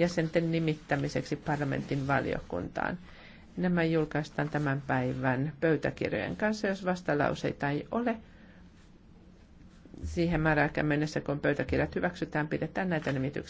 jäsenten nimittämiseksi parlamentin valiokuntaan. Nämä julkaistaan tämän päivän pöytäkirjojen kanssa, jos vastalauseita ei ole. Siihen määräaikaan mennessä, kun pöytäkirjat hyväksytään, pidetään näitä nimityksiä.